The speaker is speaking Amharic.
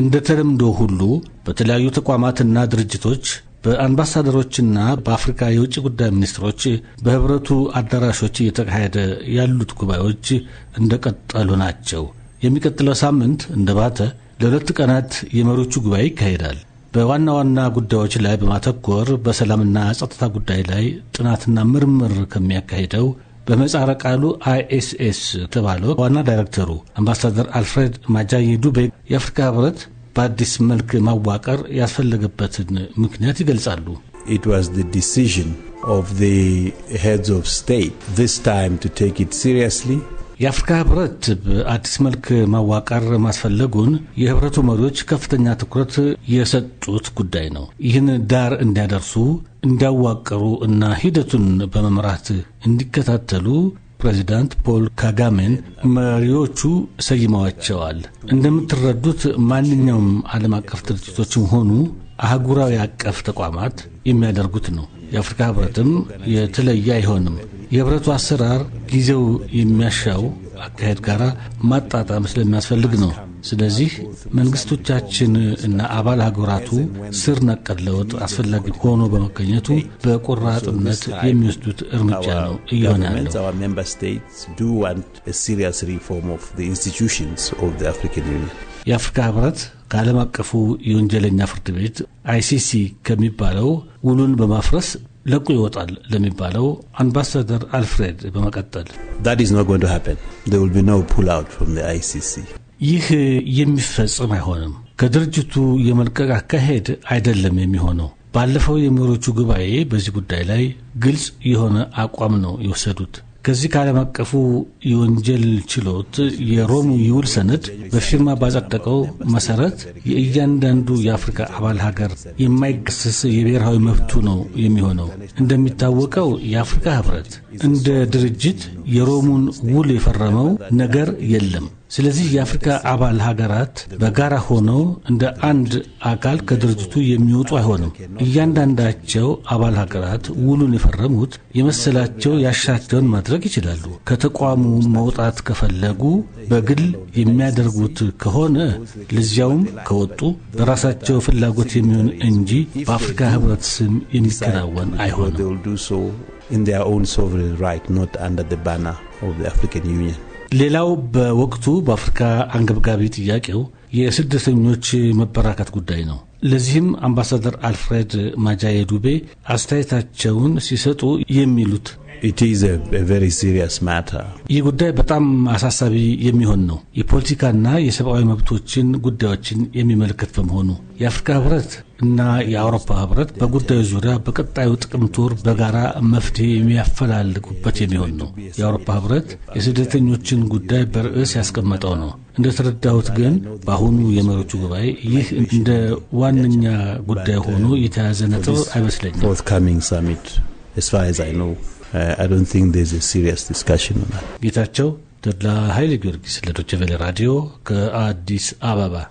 እንደ ተለምዶ ሁሉ በተለያዩ ተቋማትና ድርጅቶች በአምባሳደሮችና በአፍሪካ የውጭ ጉዳይ ሚኒስትሮች በህብረቱ አዳራሾች እየተካሄደ ያሉት ጉባኤዎች እንደቀጠሉ ናቸው። የሚቀጥለው ሳምንት እንደ ባተ ለሁለት ቀናት የመሪዎቹ ጉባኤ ይካሄዳል። በዋና ዋና ጉዳዮች ላይ በማተኮር በሰላምና ጸጥታ ጉዳይ ላይ ጥናትና ምርምር ከሚያካሂደው በመጻረ ቃሉ አይኤስኤስ ተባለው ዋና ዳይሬክተሩ አምባሳደር አልፍሬድ ማጃዬ ዱቤ የአፍሪካ ህብረት በአዲስ መልክ ማዋቀር ያስፈለገበትን ምክንያት ይገልጻሉ። It was the decision of the heads of state this time to take it seriously የአፍሪካ ህብረት በአዲስ መልክ ማዋቀር ማስፈለጉን የህብረቱ መሪዎች ከፍተኛ ትኩረት የሰጡት ጉዳይ ነው። ይህን ዳር እንዲያደርሱ እንዲያዋቅሩ እና ሂደቱን በመምራት እንዲከታተሉ ፕሬዚዳንት ፖል ካጋሜን መሪዎቹ ሰይመዋቸዋል። እንደምትረዱት ማንኛውም ዓለም አቀፍ ድርጅቶችም ሆኑ አህጉራዊ አቀፍ ተቋማት የሚያደርጉት ነው። የአፍሪካ ህብረትም የተለየ አይሆንም። የህብረቱ አሰራር ጊዜው የሚያሻው አካሄድ ጋር ማጣጣም ስለሚያስፈልግ ነው። ስለዚህ መንግስቶቻችን እና አባል ሀገራቱ ስር ነቀል ለውጥ አስፈላጊ ሆኖ በመገኘቱ በቆራጥነት የሚወስዱት እርምጃ ነው እየሆነ ያለው። የአፍሪካ ህብረት ከዓለም አቀፉ የወንጀለኛ ፍርድ ቤት አይሲሲ ከሚባለው ውሉን በማፍረስ ለቆ ይወጣል ለሚባለው አምባሳደር አልፍሬድ በመቀጠል ይህ የሚፈጽም አይሆንም። ከድርጅቱ የመልቀቅ አካሄድ አይደለም የሚሆነው። ባለፈው የመሪዎቹ ጉባኤ በዚህ ጉዳይ ላይ ግልጽ የሆነ አቋም ነው የወሰዱት። ከዚህ ከዓለም አቀፉ የወንጀል ችሎት የሮሙ የውል ሰነድ በፊርማ ባጸደቀው መሰረት የእያንዳንዱ የአፍሪካ አባል ሀገር የማይገሰስ የብሔራዊ መብቱ ነው የሚሆነው። እንደሚታወቀው የአፍሪካ ህብረት እንደ ድርጅት የሮሙን ውል የፈረመው ነገር የለም። ስለዚህ የአፍሪካ አባል ሀገራት በጋራ ሆነው እንደ አንድ አካል ከድርጅቱ የሚወጡ አይሆንም። እያንዳንዳቸው አባል ሀገራት ውሉን የፈረሙት የመሰላቸው ያሻቸውን ማድረግ ይችላሉ። ከተቋሙ መውጣት ከፈለጉ በግል የሚያደርጉት ከሆነ ለዚያውም ከወጡ በራሳቸው ፍላጎት የሚሆን እንጂ በአፍሪካ ህብረት ስም የሚከናወን አይሆንም። ሌላው በወቅቱ በአፍሪካ አንገብጋቢ ጥያቄው የስደተኞች መበራከት ጉዳይ ነው። ለዚህም አምባሳደር አልፍሬድ ማጃየ ዱቤ አስተያየታቸውን ሲሰጡ የሚሉት ኢት ይህ ጉዳይ በጣም አሳሳቢ የሚሆን ነው። የፖለቲካና የሰብአዊ መብቶችን ጉዳዮችን የሚመለከት በመሆኑ የአፍሪካ ህብረት እና የአውሮፓ ህብረት በጉዳዩ ዙሪያ በቀጣዩ ጥቅምት ወር በጋራ መፍትሄ የሚያፈላልጉበት የሚሆን ነው። የአውሮፓ ህብረት የስደተኞችን ጉዳይ በርዕስ ያስቀመጠው ነው። እንደተረዳሁት ግን በአሁኑ የመሪዎቹ ጉባኤ ይህ እንደ ዋነኛ ጉዳይ ሆኖ የተያዘ ነጥብ አይመስለኝም። Uh, ጌታቸው ተድላ ኃይለ ጊዮርጊስ ለዶቸቬለ ራዲዮ ከአዲስ አበባ